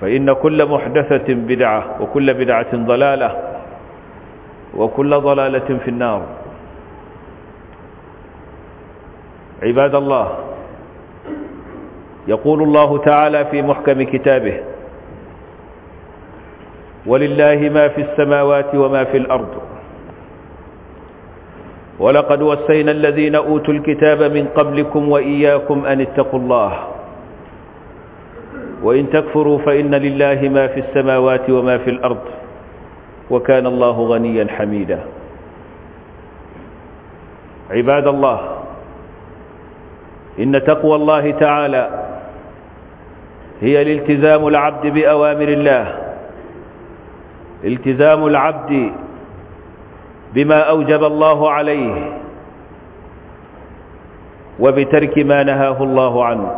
فإن كل محدثة بدعة وكل بدعة ضلالة وكل ضلالة في النار عباد الله يقول الله تعالى في محكم كتابه ولله ما في السماوات وما في الأرض ولقد وسينا الذين أوتوا الكتاب من قبلكم وإياكم أن اتقوا الله وإن تكفروا فإن لله ما في السماوات وما في الأرض وكان الله غنيا حميدا عباد الله إن تقوى الله تعالى هي الالتزام العبد بأوامر الله التزام العبد بما أوجب الله عليه وبترك ما نهاه الله عنه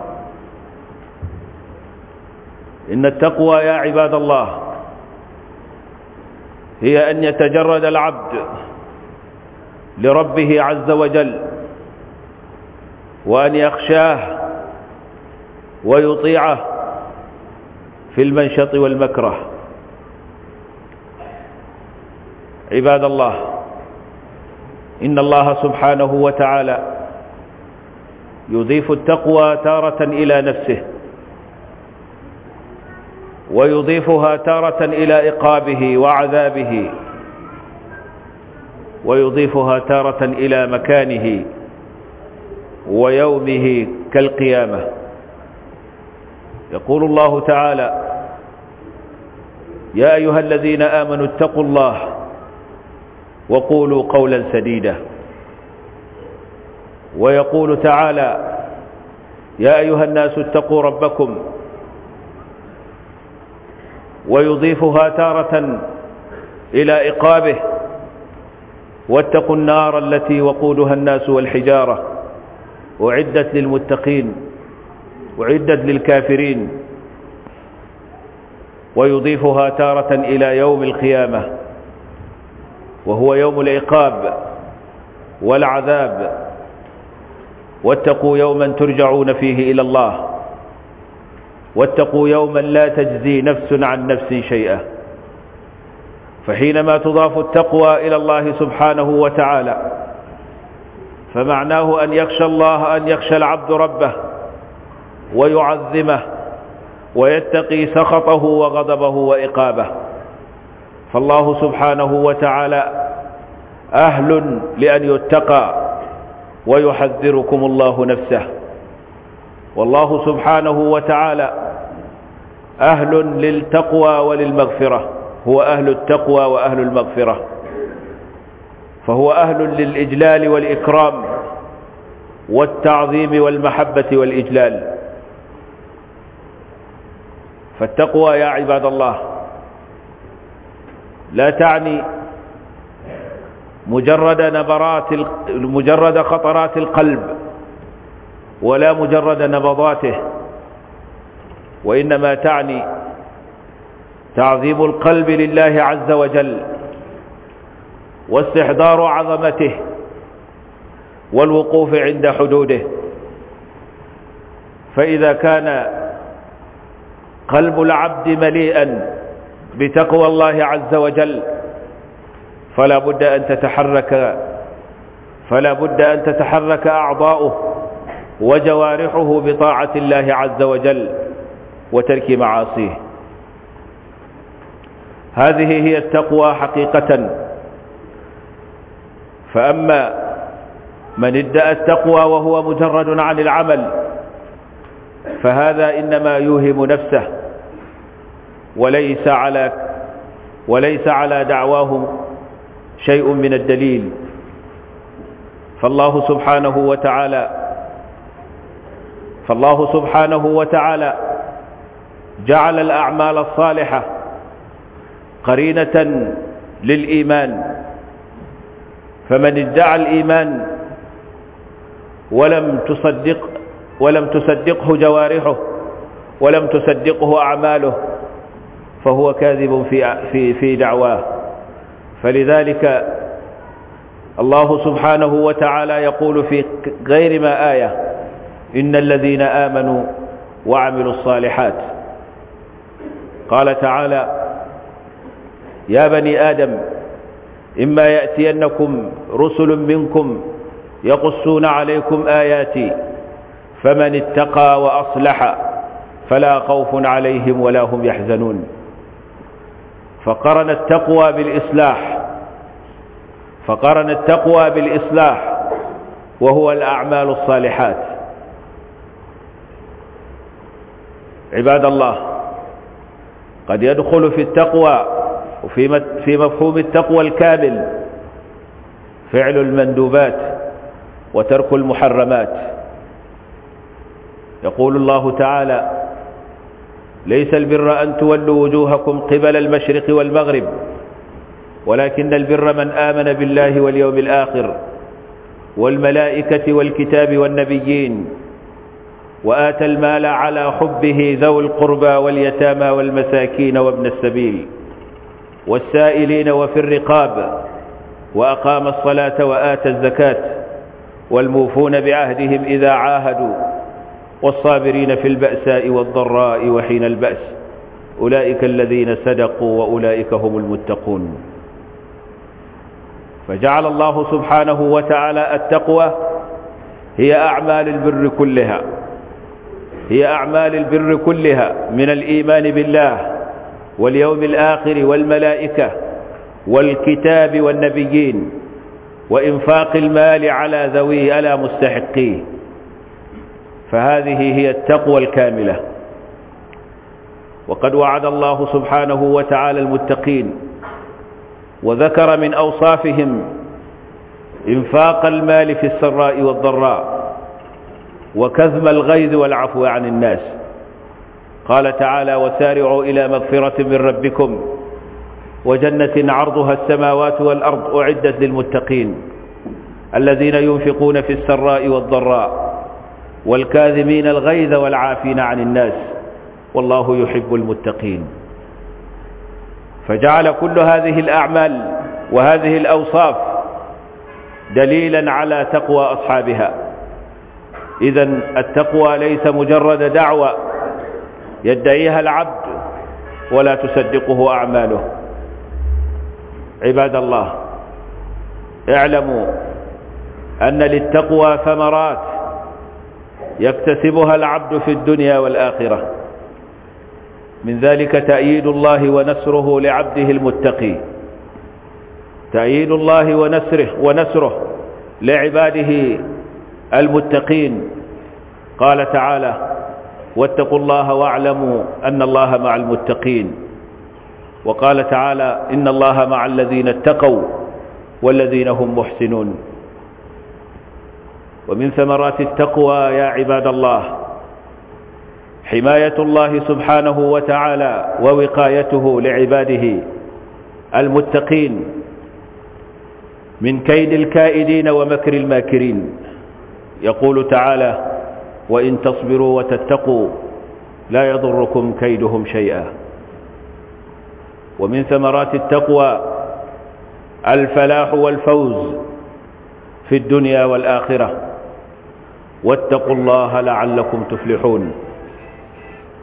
إن التقوى يا عباد الله هي أن يتجرد العبد لربه عز وجل وأن يخشاه ويطيعه في المنشط والمكره عباد الله إن الله سبحانه وتعالى يضيف التقوى تارة إلى نفسه ويضيفها تارة إلى إقابه وعذابه ويضيفها تارة إلى مكانه ويومه كالقيامة يقول الله تعالى يا أيها الذين آمنوا اتقوا الله وقولوا قولا سديدا ويقول تعالى يا أيها الناس اتقوا ربكم ويضيفها تارة إلى إقابه واتقوا النار التي وقودها الناس والحجارة أعدت للمتقين أعدت للكافرين ويضيفها تارة إلى يوم القيامة وهو يوم العقاب والعذاب واتقوا يوما ترجعون فيه إلى الله واتقوا يوما لا تجزي نفس عن نفس شيئا فحينما تضاف التقوى إلى الله سبحانه وتعالى فمعناه أن يخشى الله أن يخشى العبد ربه ويعظمه ويتقي سخطه وغضبه وإقابه فالله سبحانه وتعالى أهل لأن يتقى ويحذركم الله نفسه والله سبحانه وتعالى أهل للتقوى وللمغفرة هو أهل التقوى وأهل المغفرة فهو أهل للإجلال والإكرام والتعظيم والمحبة والإجلال فالتقوى يا عباد الله لا تعني مجرد نبرات مجرد خطرات القلب ولا مجرد نبضاته وإنما تعني تعظيم القلب لله عز وجل واستحضار عظمته والوقوف عند حدوده فإذا كان قلب العبد مليئا بتقوى الله عز وجل فلا بد أن تتحرك فلا بد أن تتحرك أعضاؤه وجوارحه بطاعة الله عز وجل وترك معاصيه هذه هي التقوى حقيقة فأما من ادعى التقوى وهو مجرد عن العمل فهذا إنما يوهم نفسه وليس على وليس على دعواهم شيء من الدليل فالله سبحانه وتعالى فالله سبحانه وتعالى جعل الأعمال الصالحة قرينة للإيمان فمن ادعى الإيمان ولم تصدق ولم تصدقه جوارحه ولم تصدقه أعماله فهو كاذب في في في دعواه فلذلك الله سبحانه وتعالى يقول في غير ما آية إن الذين آمنوا وعملوا الصالحات قال تعالى يا بني آدم إما يأتينكم رسل منكم يقصون عليكم آياتي فمن اتقى وأصلح فلا خوف عليهم ولا هم يحزنون فقرن التقوى بالإصلاح فقرن التقوى بالإصلاح وهو الأعمال الصالحات عباد الله قد يدخل في التقوى وفي في مفهوم التقوى الكامل فعل المندوبات وترك المحرمات يقول الله تعالى ليس البر أن تولوا وجوهكم قبل المشرق والمغرب ولكن البر من آمن بالله واليوم الآخر والملائكة والكتاب والنبيين وآتى المال على حبه ذو القربى واليتامى والمساكين وابن السبيل والسائلين وفي الرقاب وأقام الصلاة وآتى الزكاة والموفون بعهدهم إذا عاهدوا والصابرين في البأساء والضراء وحين البأس أولئك الذين صدقوا وأولئك هم المتقون فجعل الله سبحانه وتعالى التقوى هي أعمال البر كلها هي أعمال البر كلها من الإيمان بالله واليوم الآخر والملائكة والكتاب والنبيين وإنفاق المال على ذويه ألا مستحقيه فهذه هي التقوى الكاملة وقد وعد الله سبحانه وتعالى المتقين وذكر من أوصافهم إنفاق المال في السراء والضراء وكذب الغيظ والعفو عن الناس قال تعالى وسارعوا إلى مغفرة من ربكم وجنة عرضها السماوات والأرض أعدت للمتقين الذين ينفقون في السراء والضراء والكاذمين الغيظ والعافين عن الناس والله يحب المتقين فجعل كل هذه الأعمال وهذه الأوصاف دليلا على تقوى أصحابها إذا التقوى ليس مجرد دعوة يدعيها العبد ولا تصدقه أعماله عباد الله اعلموا أن للتقوى ثمرات يكتسبها العبد في الدنيا والآخرة من ذلك تأييد الله ونسره لعبده المتقي تأييد الله ونسره ونسره لعباده المتقين قال تعالى واتقوا الله واعلموا أن الله مع المتقين وقال تعالى إن الله مع الذين اتقوا والذين هم محسنون ومن ثمرات التقوى يا عباد الله حماية الله سبحانه وتعالى ووقايته لعباده المتقين من كيد الكائدين ومكر الماكرين يقول تعالى وإن تصبروا وتتقوا لا يضركم كيدهم شيئا ومن ثمرات التقوى الفلاح والفوز في الدنيا والآخرة واتقوا الله لعلكم تفلحون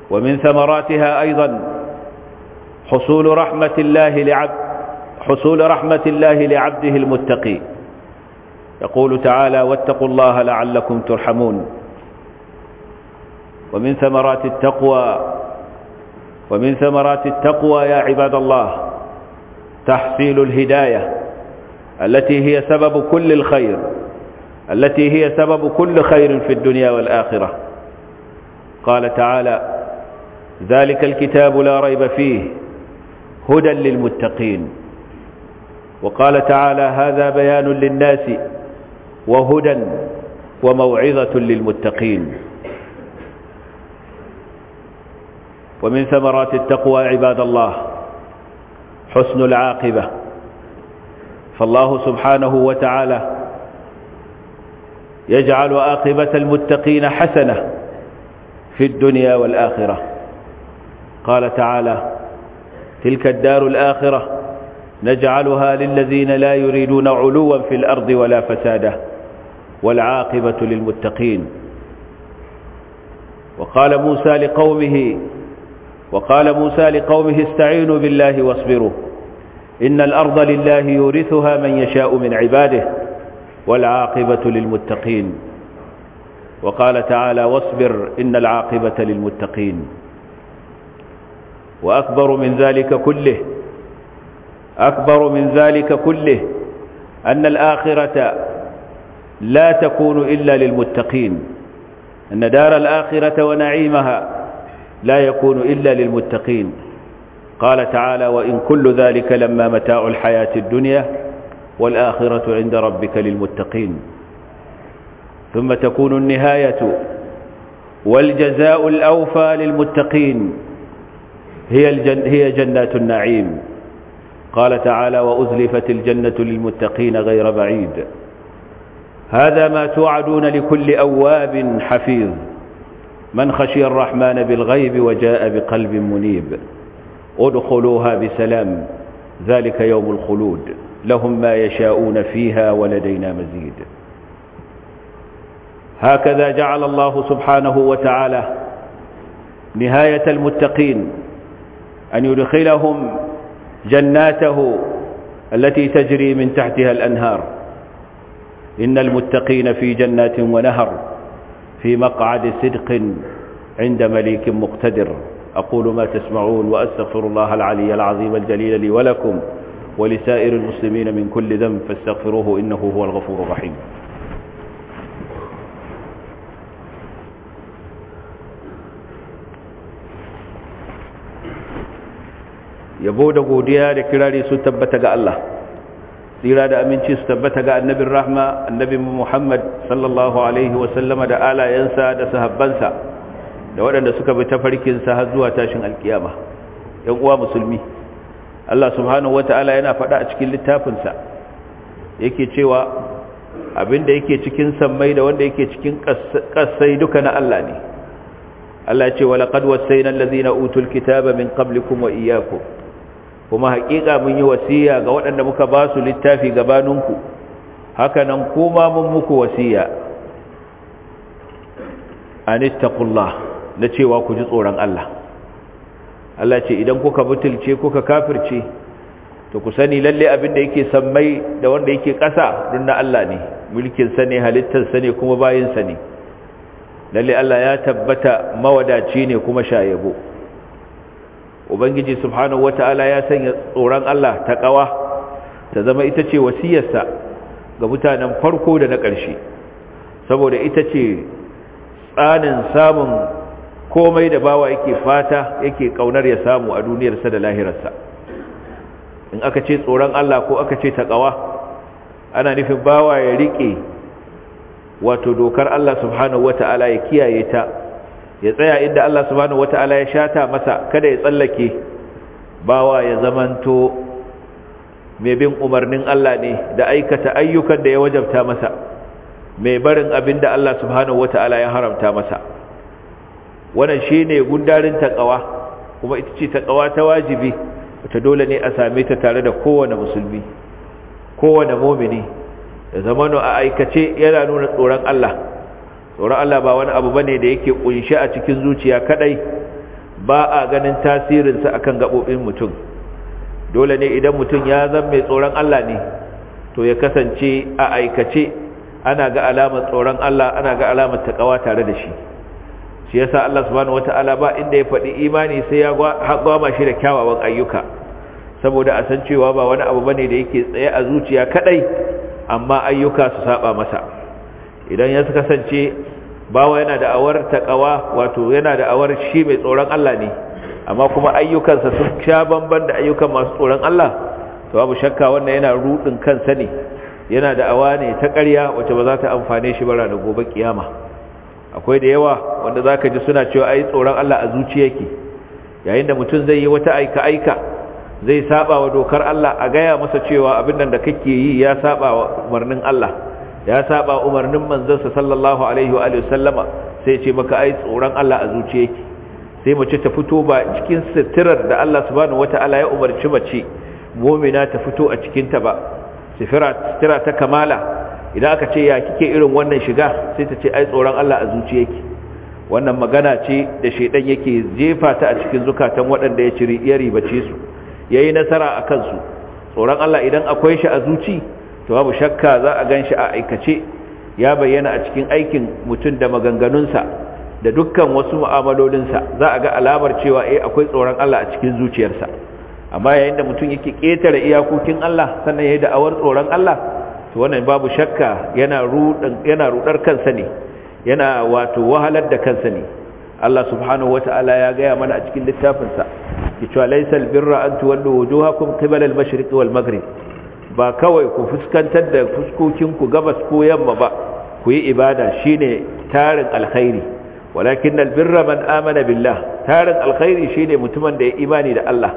ومن ثمراتها أيضا حصول رحمة الله لعبد حصول رحمة الله لعبده المتقي يقول تعالى واتقوا الله لعلكم ترحمون ومن ثمرات التقوى ومن ثمرات التقوى يا عباد الله تحصيل الهداية التي هي سبب كل الخير التي هي سبب كل خير في الدنيا والآخرة قال تعالى ذلك الكتاب لا ريب فيه هدى للمتقين وقال تعالى هذا بيان للناس وهدى وموعظة للمتقين ومن ثمرات التقوى عباد الله حسن العاقبة فالله سبحانه وتعالى يجعل عاقبة المتقين حسنة في الدنيا والآخرة قال تعالى تلك الدار الآخرة نجعلها للذين لا يريدون علوا في الأرض ولا فسادا والعاقبة للمتقين وقال موسى لقومه وقال موسى لقومه استعينوا بالله واصبروا إن الأرض لله يورثها من يشاء من عباده والعاقبة للمتقين وقال تعالى واصبر إن العاقبة للمتقين وأكبر من ذلك كله أكبر من ذلك كله أن الآخرة لا تكون إلا للمتقين أن دار الآخرة ونعيمها لا يكون إلا للمتقين قال تعالى وإن كل ذلك لما متاع الحياة الدنيا والآخرة عند ربك للمتقين ثم تكون النهاية والجزاء الأوفى للمتقين هي, الجن هي جنات النعيم قال تعالى وأزلفت الجنة للمتقين غير بعيد هذا ما توعدون لكل أواب حفيظ من خشي الرحمن بالغيب وجاء بقلب منيب ادخلوها بسلام ذلك يوم الخلود لهم ما يشاءون فيها ولدينا مزيد هكذا جعل الله سبحانه وتعالى نهاية المتقين أن يدخلهم جناته التي تجري من تحتها الأنهار إن المتقين في جنات ونهر في مقعد صدق عند مليك مقتدر أقول ما تسمعون وأستغفر الله العلي العظيم الجليل لي ولكم ولسائر المسلمين من كل ذنب فاستغفروه إنه هو الغفور الرحيم yabo da godiya da kirari hira da aminci su tabbata ga annabin rahma annabin muhammad sallallahu alaihi wasallama da alayensa da sahabbansa da waɗanda suka bi tafarkinsa har zuwa tashin alkiyama ‘yan uwa musulmi Allah subhanahu wa ta'ala yana faɗa a cikin littafinsa yake cewa abinda yake cikin sammai da wanda yake cikin ƙasai duka na Allah ne Allah ce wa laqad wasaina allazina utul kitaba min qablikum wa iyyakum kuma haƙiƙa mun yi wasiya ga waɗanda muka ba su littafi gabaninku haka nan kuma mun muku wasiya anittaqullah na cewa ku ji tsoron Allah Allah ce idan kuka butulce kuka kafirce to ku sani lalle abin da yake sammai da wanda yake ƙasa don na Allah ne mulkin ne halittar sa ne kuma bayin sa ne lalle Allah ya tabbata mawadaci ne kuma shayebo ubangiji subhanahu wata'ala ya sanya tsoron Allah ta kawa ta zama ita ce wasiyarsa ga mutanen farko da na ƙarshe saboda ita ce tsanin samun komai da bawa yake fata yake ƙaunar ya samu a duniyarsa da lahirarsa in aka ce tsoron Allah ko aka ce ta ƙawa ana nufin bawa ya riƙe wato dokar Allah subhanahu wata'ala ya kiyaye ta ya tsaya inda Allah subhanahu wata'ala ya shata masa kada ya tsallake bawa ya zamanto mai bin umarnin Allah ne da aikata ayyukan da ya wajabta masa mai barin abin da Allah subhanahu wata'ala ya haramta masa wannan shine gundarin taqwa kuma ita ce taqwa ta wajibi ta dole ne a same ta tare da kowane musulmi kowane mu'mini da zamanu a aikace yana nuna tsoron Allah tsoron Allah ba wani abu bane da yake kunshi a cikin zuciya kadai ba a ganin tasirinsa akan gabobin mutum dole ne idan mutum ya zan mai tsoron Allah ne to ya kasance a aikace ana ga alamar tsoron Allah ana ga alamar takawa tare da shi shi yasa Allah subhanahu wataala ba inda ya faɗi imani sai ya gwama shi da kyawawan ayyuka saboda a san cewa ba wani abu bane da yake tsaye a zuciya kadai amma ayyuka su saba masa idan ya kasance bawa yana da awar kawa wato yana da awar shi mai tsoron Allah ne amma kuma ayyukansa sun sha bamban da ayyukan masu tsoron Allah to babu shakka wannan yana rudin kansa ne yana da awa ne ta ƙarya wacce ba za ta amfane shi bara da gobe kiyama akwai da yawa wanda zaka ji suna cewa ai tsoron Allah a zuciya yayin da mutum zai yi wata aika aika zai saba wa dokar Allah a gaya masa cewa abin da kake yi ya saba wa umarnin Allah ya saba umarnin manzansa sallallahu alaihi wa alihi sallama sai ce maka ai tsoron Allah a zuciyarki sai mace ta fito ba cikin sitirar da Allah subhanahu wataala ya umarci mace mu'mina ta fito a cikin ta ba sifira sitira ta kamala idan aka ce ya kike irin wannan shiga sai ta ce ai tsoron Allah a zuciyarki wannan magana ce da shedan yake jefa ta a cikin zukatan waɗanda ya ciri ya ribace su yayi nasara akan su tsoron Allah idan akwai shi a zuci to babu shakka za a ganshi a aikace ya bayyana a cikin aikin mutum da maganganunsa da dukkan wasu mu'amalolinsa za a ga alamar cewa eh akwai tsoron Allah a cikin zuciyarsa amma yayin da mutum yake ketare iyakokin Allah sannan yayin da awar tsoron Allah to wannan babu shakka yana rudan yana rudar kansa ne yana wato wahalar da kansa ne Allah subhanahu wata'ala ya gaya mana a cikin littafinsa cewa laysal birra an tuwallu wujuhakum qibala al-mashriqi wal maghrib ba kawai ku fuskantar da fuskokinku gabas ko yamma ba ku yi ibada shine tarin alkhairi walakin birra man amana billah tarin alkhairi shine mutumin da ya imani da Allah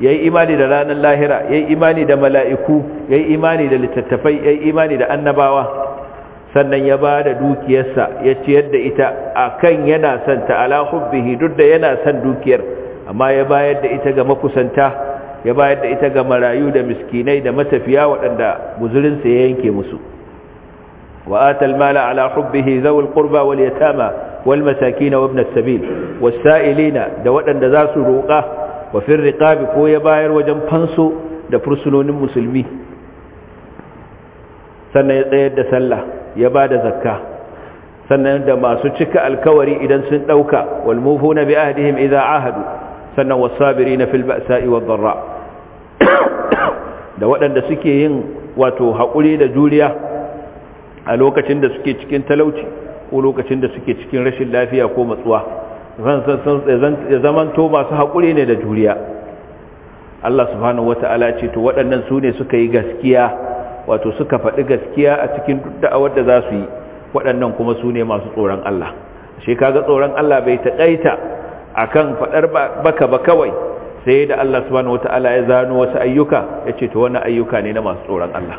yayi imani da ranar lahira yayi imani da mala'iku yayi imani da littattafai yi imani da annabawa sannan ya ba da dukiyarsa ya ciyar da ita akan yana son alahubbihi duk da yana son dukiyar amma ya bayar da ita ga makusanta ya bayar da ita ga marayu da miskinai da matafiya waɗanda guzurinsa ya yanke musu wa'atal mala ala hubbihi zawul qurba wal yatama wal masakin wa ibn as-sabil was da waɗanda za su roƙa wa fir riqab ko ya bayar wajen fanso da fursunonin musulmi sannan ya tsayar da sallah ya bada zakka sannan da masu cika alkawari idan sun ɗauka wal na bi ahdihim idha ahadu sannan wasabirina fil ba'sa'i wad dharra da waɗanda suke yin wato haƙuri da juriya a lokacin da suke cikin talauci ko lokacin da suke cikin rashin lafiya ko matsuwa ya zamanto masu haƙuri ne da juriya Allah subhanahu wata'ala ce to waɗannan su ne suka yi gaskiya wato suka faɗi gaskiya a cikin duk da'awar da za su yi waɗannan kuma su ne masu tsoron Allah shi kaga tsoron Allah bai taƙaita akan fadar baka ba kawai sai da Allah subhanahu wata'ala ya zano wasu ayyuka yace to wani ayyuka ne na masu tsoron Allah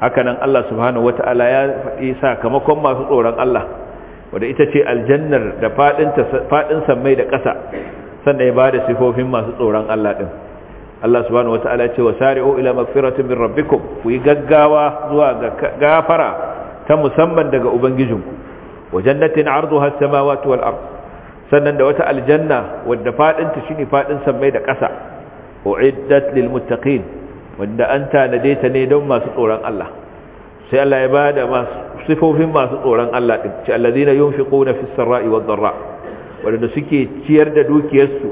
hakanan Allah subhanahu wata'ala ya faɗi sakamakon masu tsoron Allah wanda ita ce aljannar da faɗin fadin sammai da ƙasa sannan ya bada sifofin masu tsoron Allah din Allah subhanahu wata'ala ya ce wa ila magfiratin min rabbikum ku yi gaggawa zuwa ga gafara ta musamman daga ubangijinku wa jannatin arduha as-samawati wal ardh sannan da wata aljanna wadda fadinta shine fadin sammai da ƙasa uiddat lil wanda an tanade ta ne don masu tsoron Allah sai Allah ya bada masu sifofin masu tsoron Allah din ci alladhina yunfiquna fis sarai wad dharra wanda suke ciyar da dukiyarsu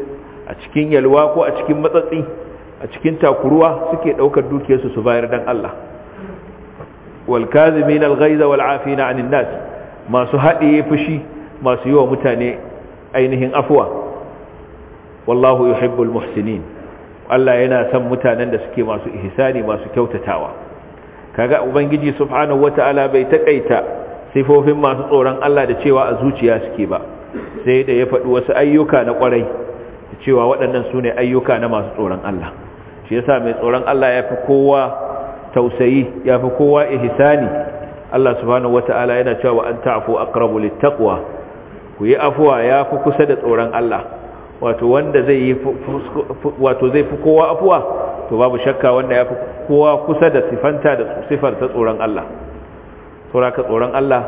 a cikin yalwa ko a cikin matsatsi a cikin takuruwa suke daukar dukiyarsu su bayar dan Allah wal kazimin al ghaiza wal afina 'anil nas masu hadiye fushi masu yi wa mutane ainihin afuwa wallahu yuhibbul muhsinin Allah yana son mutanen da suke masu ihsani masu kyautatawa kaga ubangiji subhanahu wataala bai takaita sifofin masu tsoron Allah da cewa a zuciya suke ba sai da ya faɗi wasu ayyuka na kwarai cewa waɗannan su ne ayyuka na masu tsoron Allah shi yasa mai tsoron Allah ya fi kowa tausayi ya fi kowa ihsani Allah subhanahu wataala yana cewa an ta'fu aqrabu littaqwa ku yi afuwa ya fi kusa da tsoron Allah wato zai fi kowa afuwa to babu shakka wanda ya fi kowa kusa da sifanta da sifar ta tsoron Allah sauraka tsoron Allah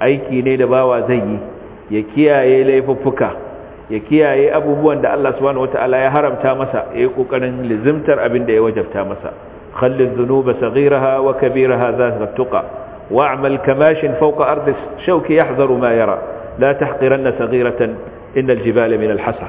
aiki ne da bawa zai yi ya kiyaye laifuffuka ya kiyaye abubuwan da Allah subhanahu wataala ya haramta masa ya yi kokarin lizimtar abin da ya wajabta masa khallil zunuba saghiraha wa kabiraha zat tuqa wa'mal kamashin fawqa ardi shawki yahzaru ma yara la tahqiranna saghiratan innal jibala min alhasa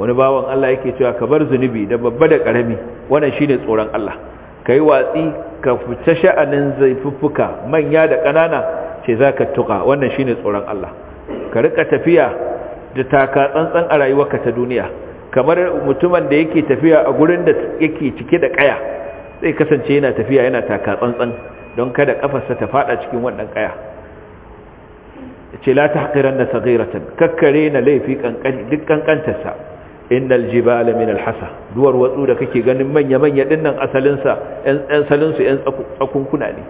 wani bawan Allah yake cewa ka bar zunubi da babba da karami wannan shine tsoron Allah kai watsi ka fita sha'anin zaifuffuka manya da kanana ce zaka tuka wannan shine tsoron Allah ka rika tafiya da taka tsantsan a rayuwarka ta duniya kamar mutumin da yake tafiya a gurin da yake cike da kaya sai kasance yana tafiya yana taka tsantsan don kada kafarsa ta fada cikin wannan kaya ce la tahqiranna saghiratan kakkare na laifi kankan duk kankantarsa innal jibala min alhasa duwar watsu da kake ganin manya manya dinnan asalin sa ɗan salin su tsakunkuna ne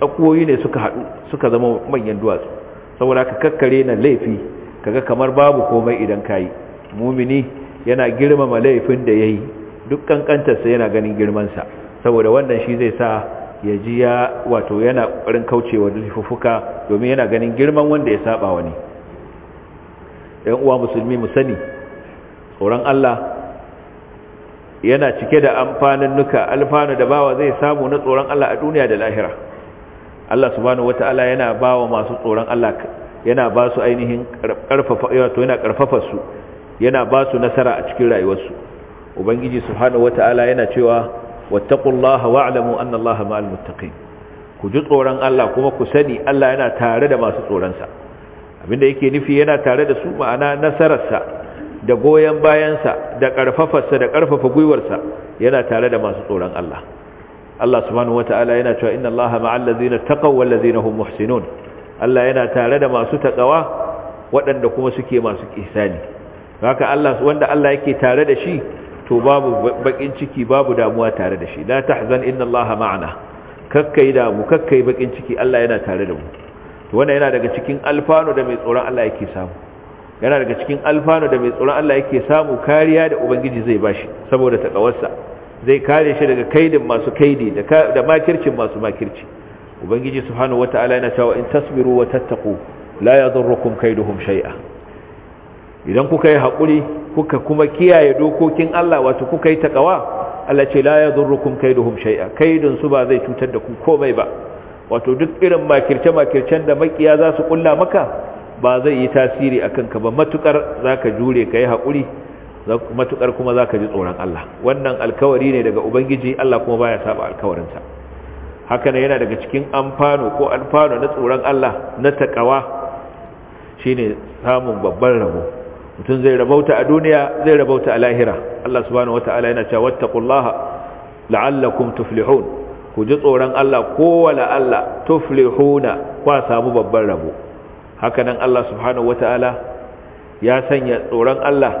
tsakuwoyi ne suka hadu suka zama manyan duwatsu saboda ka kakkare na laifi kaga kamar babu komai idan kayi mumini yana girmama laifin da yayi duk kankantarsa yana ganin girman sa saboda wannan shi zai sa ya ji ya wato yana ƙoƙarin kaucewa laifuka domin yana ganin girman wanda ya saba wani ɗan uwa musulmi mu tsoron Allah yana cike da amfanin nuka alfanu da bawa zai samu na tsoron Allah a duniya da lahira Allah subhanahu ta'ala yana bawa masu tsoron Allah yana ba su ainihin ƙarfafa wato yana ƙarfafa su yana ba su nasara a cikin rayuwarsu ubangiji subhanahu ta'ala yana cewa wattaqullaha wa'lamu anna allaha ma'al muttaqin ku ji tsoron Allah kuma ku sani Allah yana tare da masu tsoronsa abinda yake nufi yana tare da su ma'ana nasararsa da goyen bayansa da ƙarfafarsa da ƙarfafa gwiwarsa yana tare da masu tsoron Allah Allah subhanahu wata'ala yana cewa inna Allah ma'al ladzina taqaw wal ladzina hum muhsinun Allah yana tare da masu taqawa waɗanda kuma suke masu ihsani haka Allah wanda Allah yake tare da shi to babu bakin ciki babu damuwa tare da shi la tahzan inna allaha ma'ana kakkai damu kakkai bakin ciki Allah yana tare da mu to wannan yana daga cikin alfano da mai tsoron Allah yake samu yana daga cikin alfano da mai tsoron Allah yake samu kariya da ubangiji zai bashi saboda takawarsa zai kare shi daga kaidin masu kaidi da makircin masu makirci ubangiji subhanahu wataala yana cewa in tasbiru wa tattaqu la yadurrukum kaiduhum shay'a idan kuka yi haƙuri kuka kuma kiyaye dokokin Allah wato kuka yi taƙawa Allah ce la ya zurrukum kaiduhum shay'a kaidun su ba zai cutar da ku komai ba wato duk irin makirce makircen da makiya za su kulla maka ba zai yi tasiri akan ka ba matukar zaka jure kai haƙuri matukar kuma zaka ji tsoron Allah wannan alkawari ne daga ubangiji Allah kuma baya saba alkawarinsa haka ne yana daga cikin amfano ko alfano na tsoron Allah na taƙawa shine samun babban rabo mutum zai rabauta a duniya zai rabauta a lahira Allah subhanahu wata'ala yana cewa wattaqullaha la'allakum tuflihun ku ji tsoron Allah ko wala Allah tuflihuna kwa samu babban rabo haka nan Allah subhanahu wata'ala ya sanya tsoron Allah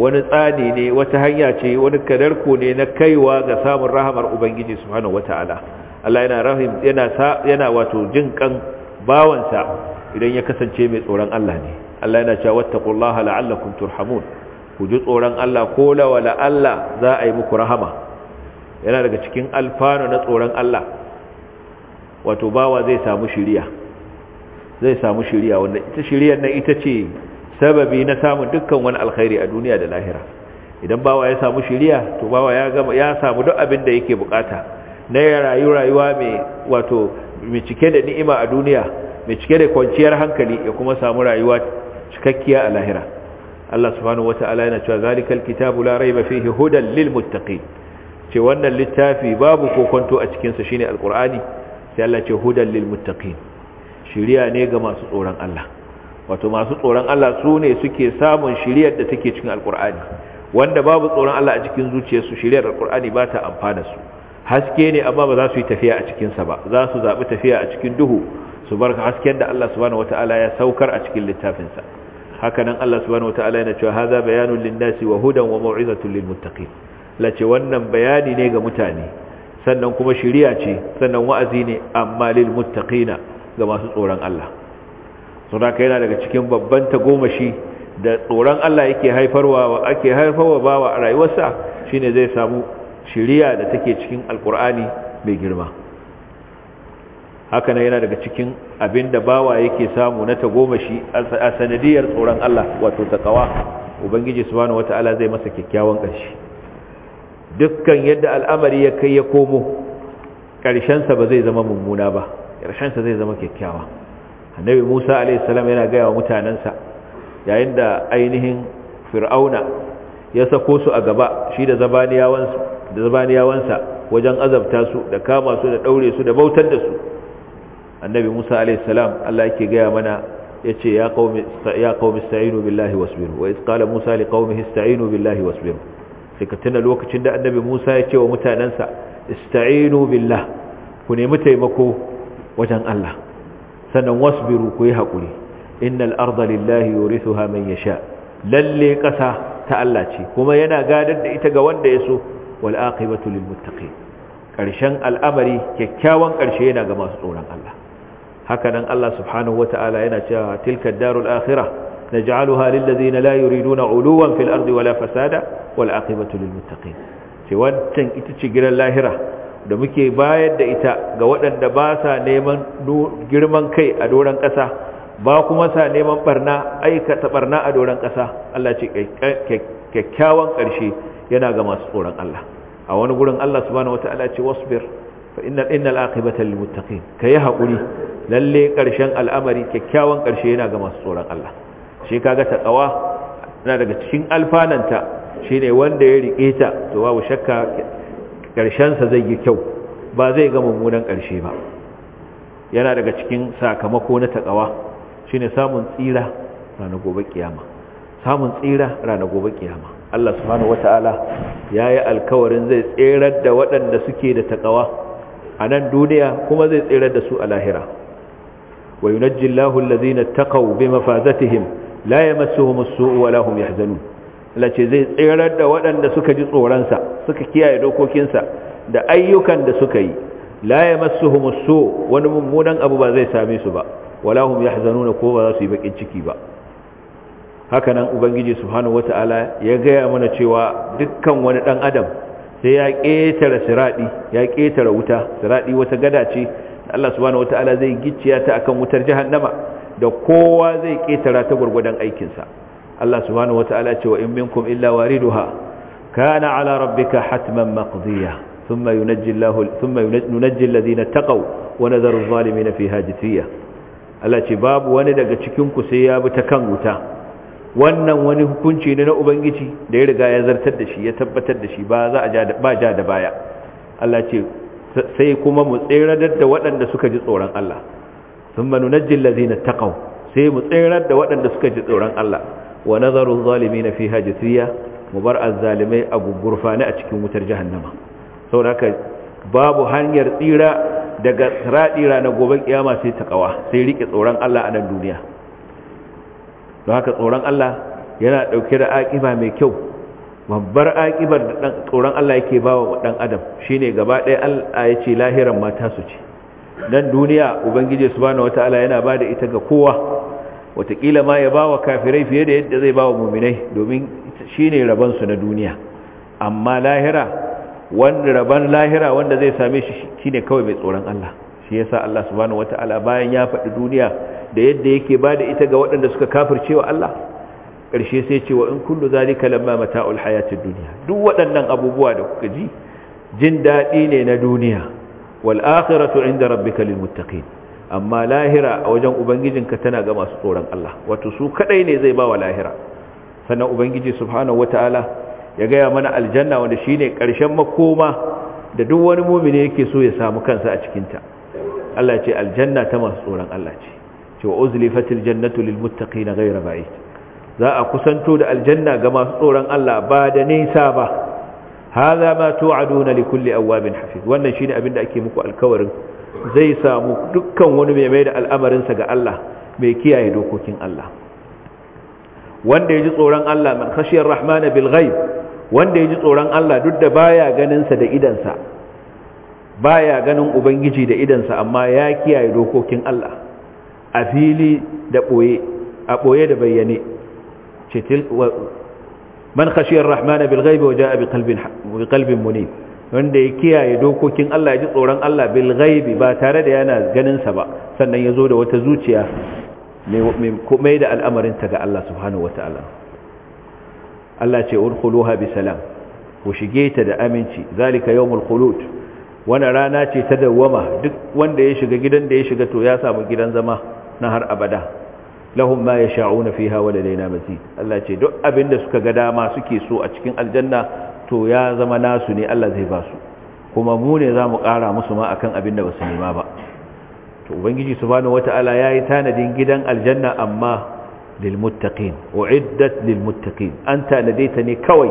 wani tsani ne wata hanya ce wani kadarku ne na kaiwa ga samun rahamar ubangiji subhanahu wata'ala Allah yana rahim yana yana wato jin kan bawansa idan ya kasance mai tsoron Allah ne Allah yana cewa wattaqullaha la'allakum turhamun ku ji tsoron Allah ko la Allah za a yi muku rahama yana daga cikin alfano na tsoron Allah wato bawa zai samu shiriya zai samu shiriya wanda ita shiriyar nan ita ce sababi na samun dukkan wani alkhairi a duniya da lahira idan bawa ya samu shiriya to bawa ya gama ya samu duk abin da yake bukata na ya rayu rayuwa mai wato mai cike da ni'ima a duniya mai cike da kwanciyar hankali ya kuma samu rayuwa cikakkiya a lahira Allah subhanahu wata'ala yana cewa zalikal kitabu la raiba fihi hudan lil muttaqin ce wannan littafi babu kokonto a cikin sa shine alqur'ani sai Allah ce hudan lil muttaqin shiriya ne ga masu tsoron Allah wato masu tsoron Allah su ne suke samun shiriyar da take cikin alqur'ani wanda babu tsoron Allah a cikin zuciyarsu shiriyar alqur'ani ba ta amfana su haske ne amma ba za su yi tafiya a cikin sa ba za su zabi tafiya a cikin duhu su barka hasken da Allah subhanahu wataala ya saukar a cikin littafinsa hakanan Allah subhanahu wataala yana cewa hadha bayanun lin-nasi wa hudan wa mau'izatun lil lace wannan bayani ne ga mutane sannan kuma shiriya ce sannan wa'azi ne amma lil ga masu tsoron Allah kai yana daga cikin babban ta tagomashi da tsoron Allah yake haifarwa ake haifarwa bawa a rayuwarsa shine zai samu shiriya da take cikin alkur'ani mai girma haka ne yana daga cikin abin abinda bawa yake samu na tagomashi a sanadiyar tsoron Allah wato takawa ubangiji subhanahu wataala zai masa kyakkyawan ƙarshe dukkan yadda al'amari ya kai ya komo sa ba zai zama mummuna ba sa zai zama kyakkyawa annabi Musa alaihi salam yana ga wa mutanansa yayin da ainihin fir'auna ya sako su a gaba shi da zabaniyawansa da zabaniyawansa wajen azabta su da kama su da daure su da bautar da su annabi Musa alaihi salam Allah yake gaya mana yace ya qaumi ya qaumi ista'inu billahi wasbiru wa iz qala Musa liqaumihi ista'inu billahi wasbiru sai ka tuna lokacin da annabi Musa ya ce wa mutanansa ista'inu billah ku nemi taimako wajen Allah sannan wasbiru ku yi hakuri innal arda lillahi yurithuha man yasha lalle kasa ta Allah ce kuma yana gadar da ita ga wanda ya so wal aqibatu lil muttaqin karshen al'amari kyakkyawan karshe yana ga masu tsoron Allah haka nan Allah subhanahu wata'ala yana cewa tilka darul akhirah naj'aluha lil ladina la yuriduna uluwan fil ardi wala fasada wal aqibatu lil muttaqin ce wancan ita ce gidan lahira da muke bayar da ita ga waɗanda ba sa neman girman kai a doran ƙasa ba kuma sa neman barna aikata barna a doran ƙasa Allah ce kyakkyawan ƙarshe yana ga masu tsoron Allah a wani gurin Allah subhanahu wata'ala ce wasbir fa innal innal aqibata lil muttaqin kai hakuri lalle karshen al'amari kyakkyawan karshe yana ga masu tsoron Allah shi kaga taqwa yana daga cikin alfananta shine wanda ya rike ta to babu shakka karshen sa zai yi kyau ba zai ga mummunan karshe ba yana daga cikin sakamako na taqwa shine samun tsira ranar gobe kiyama samun tsira ranar gobe kiyama Allah subhanahu wataala yayi alkawarin zai tserar da waɗanda suke da taqwa a nan duniya kuma zai tsirar da su a lahira wa yunajji Allahu allazina taqaw bi mafazatihim la yamassuhum as-su'u wa lahum ya zanu. Lace zai tsirar da waɗanda suka ji tsoronsa suka kiyaye dokokinsa da ayyukan da suka yi la masu as wani mummunan abu ba zai same su ba ya zanu na ko ba za su yi bakin ciki ba haka nan ubangiji subhanahu wata'ala ya gaya mana cewa dukkan wani dan adam sai ya ƙetare siraɗi ya ƙetare wuta siraɗi wata gada ce Allah subhanahu wataala zai gicciya ta akan wutar jahannama da kowa zai ƙetara ta gurgudan aikinsa Allah subhanahu wataala ce wa in minkum illa wariduha kana ala rabbika hatman maqdiya thumma yunajji Allahu thumma yunajji alladhina taqaw wa nadharu adh-dhalimina fiha jithiya Allah ce babu wani daga cikin ku sai ya bi ta kan wuta wannan wani hukunci ne na ubangiji da ya riga ya zartar da shi ya tabbatar da shi ba za a ja ba ja da baya Allah ce sai kuma mu tsirar da waɗanda suka ji tsoron Allah thumma nunajji allazina taƙau sai mu tsirar da waɗanda suka ji tsoron Allah wa nazaru zalimin fiha jithiya mu bar azzalimai a gurfani a cikin wutar jahannama saboda haka babu hanyar tsira daga tsira na gobe kiyama sai takawa sai riƙe tsoron Allah a nan duniya don haka tsoron Allah yana ɗauke da aƙiba mai kyau babbar aƙibar da tsoron Allah yake ba wa ɗan adam shine gaba ɗaya Allah ya ce lahiran mata su ce dan duniya ubangiji subhanahu wataala yana ba da ita ga kowa watakila ma ya ba wa kafirai fiye da yadda zai ba wa muminai domin shine rabansu na duniya amma lahira wanda raban lahira wanda zai same shi shine kawai mai tsoron Allah shi sa Allah subhanahu wataala bayan ya faɗi duniya da yadda yake bada ita ga waɗanda suka kafirce wa Allah ƙarshe sai cewa in kullu zalika lamma mata'ul hayatid duniya. duk waɗannan abubuwa da kuka ji jin daɗi ne na duniya wal akhiratu inda rabbika lil amma lahira a wajen ubangijinka tana ga masu tsoron Allah wato su kadai ne zai bawa lahira sannan ubangiji subhanahu wataala ya gaya mana aljanna wanda shine ƙarshen makoma da duk wani mumini yake so ya samu kansa a cikinta Allah ce aljanna ta masu tsoron Allah ce cewa uzlifatil jannatu lil muttaqina ghayra ba'id za a kusanto da aljanna ga masu tsoron Allah ba da nisa ba hadha ma tu'aduna li awabin hafiz wannan shine abin da ake muku alkawarin zai samu dukkan wani mai mai da al'amarin sa ga Allah mai kiyaye dokokin Allah wanda ji tsoron Allah man khashiyar rahmana bil ghaib wanda ji tsoron Allah duk da baya ganin sa da sa. baya ganin ubangiji da idansa amma ya kiyaye dokokin Allah a fili da boye a boye da bayyane cetil man khashiyar rahmana bil ghaibi wa jaa bi qalbin munib wanda ya kiyaye dokokin Allah ya ji tsoron Allah bil ghaibi ba tare da yana ganin sa ba sannan ya zo da wata zuciya mai da al'amarin ta ga Allah subhanahu wataala Allah ce urkhuluha bi salam ku shige ta da aminci zalika yawmul khulud wani rana ce ta dawwama duk wanda ya shiga gidan da ya shiga to ya samu gidan zama na har abada lahum ma yasha'una fiha wa ladaina mazid Allah ce duk da suka ga dama suke so a cikin aljanna to ya zama nasu ne Allah zai ba su kuma mu ne zamu ƙara musu ma akan abinda basu nema ba to ubangiji subhanahu wata'ala yayi tanadin gidan aljanna amma lil uiddat lil an an ta ne kawai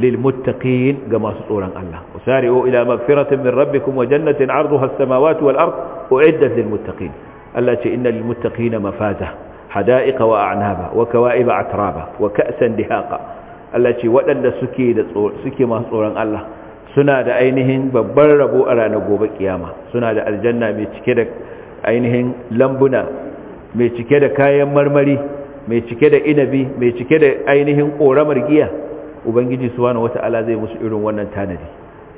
للمتقين كما سوران الله وسارعوا إلى مغفرة من ربكم وجنة عرضها السماوات والأرض أعدت للمتقين التي إن للمتقين مفازة حدائق وأعنابا وكوائب أترابا وكأسا دهاقا التي ودن سكي, سكي ما سوران الله suna da ainihin babban rabo a ranar gobe kiyama suna da aljanna mai cike da ainihin lambuna mai cike da kayan marmari mai cike da inabi mai cike da ainihin ƙoramar giya ubangiji subhanahu wata'ala zai musu irin wannan tanadi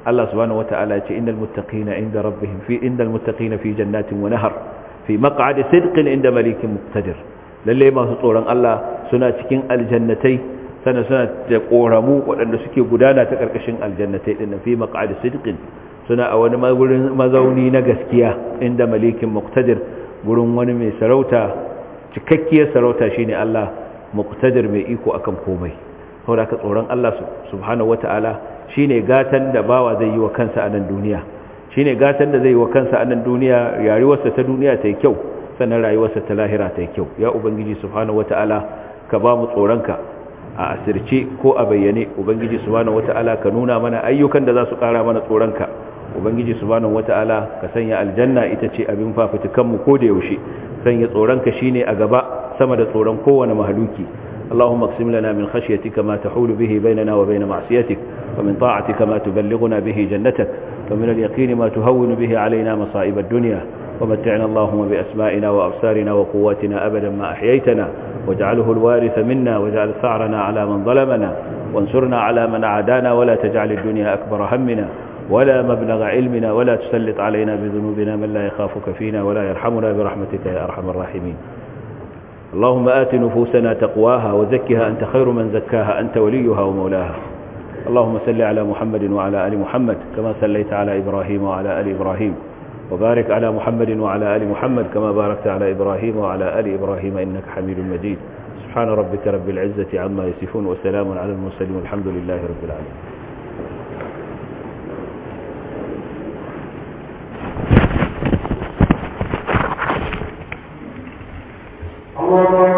Allah subhanahu wata'ala ya ce innal muttaqina inda rabbihim fi innal muttaqina fi jannatin wa nahar fi maq'adi sidqin inda malikin muqtadir lalle masu tsoron Allah suna cikin aljannatai sana suna da koramu waɗanda suke gudana ta ƙarƙashin aljannatai ɗin fi maq'adi sidqin suna a wani mazauni na gaskiya inda malikin muqtadir gurin wani mai sarauta cikakkiyar sarauta shine Allah muqtadir mai iko akan komai saboda ka tsoron Allah subhanahu wataala shine gatan da bawa zai yi wa kansa a nan duniya shine gatan da zai yi wa kansa a nan duniya rayuwarsa ta duniya tai kyau sannan rayuwarsa ta lahira tai kyau ya ubangiji subhanahu wataala ka ba mu tsoronka a asirce ko a bayyane ubangiji subhanahu wataala ka nuna mana ayyukan da za su kara mana tsoronka ubangiji subhanahu wataala ka sanya aljanna ita ce abin fafutukan mu ko da yaushe sanya tsoronka shine a gaba sama da tsoron kowane mahaluki اللهم اقسم لنا من خشيتك ما تحول به بيننا وبين معصيتك ومن طاعتك ما تبلغنا به جنتك ومن اليقين ما تهون به علينا مصائب الدنيا ومتعنا اللهم بأسمائنا وأبصارنا وقواتنا أبدا ما أحييتنا واجعله الوارث منا واجعل ثأرنا على من ظلمنا وانصرنا على من عادانا ولا تجعل الدنيا أكبر همنا ولا مبلغ علمنا ولا تسلط علينا بذنوبنا من لا يخافك فينا ولا يرحمنا برحمتك يا أرحم الراحمين اللهم آت نفوسنا تقواها وزكها أنت خير من زكاها أنت وليها ومولاها اللهم صل على محمد وعلى آل محمد كما صليت على إبراهيم وعلى آل إبراهيم وبارك على محمد وعلى آل محمد كما باركت على إبراهيم وعلى آل إبراهيم إنك حميد مجيد سبحان ربك رب العزة عما يصفون وسلام على المرسلين والحمد لله رب العالمين الله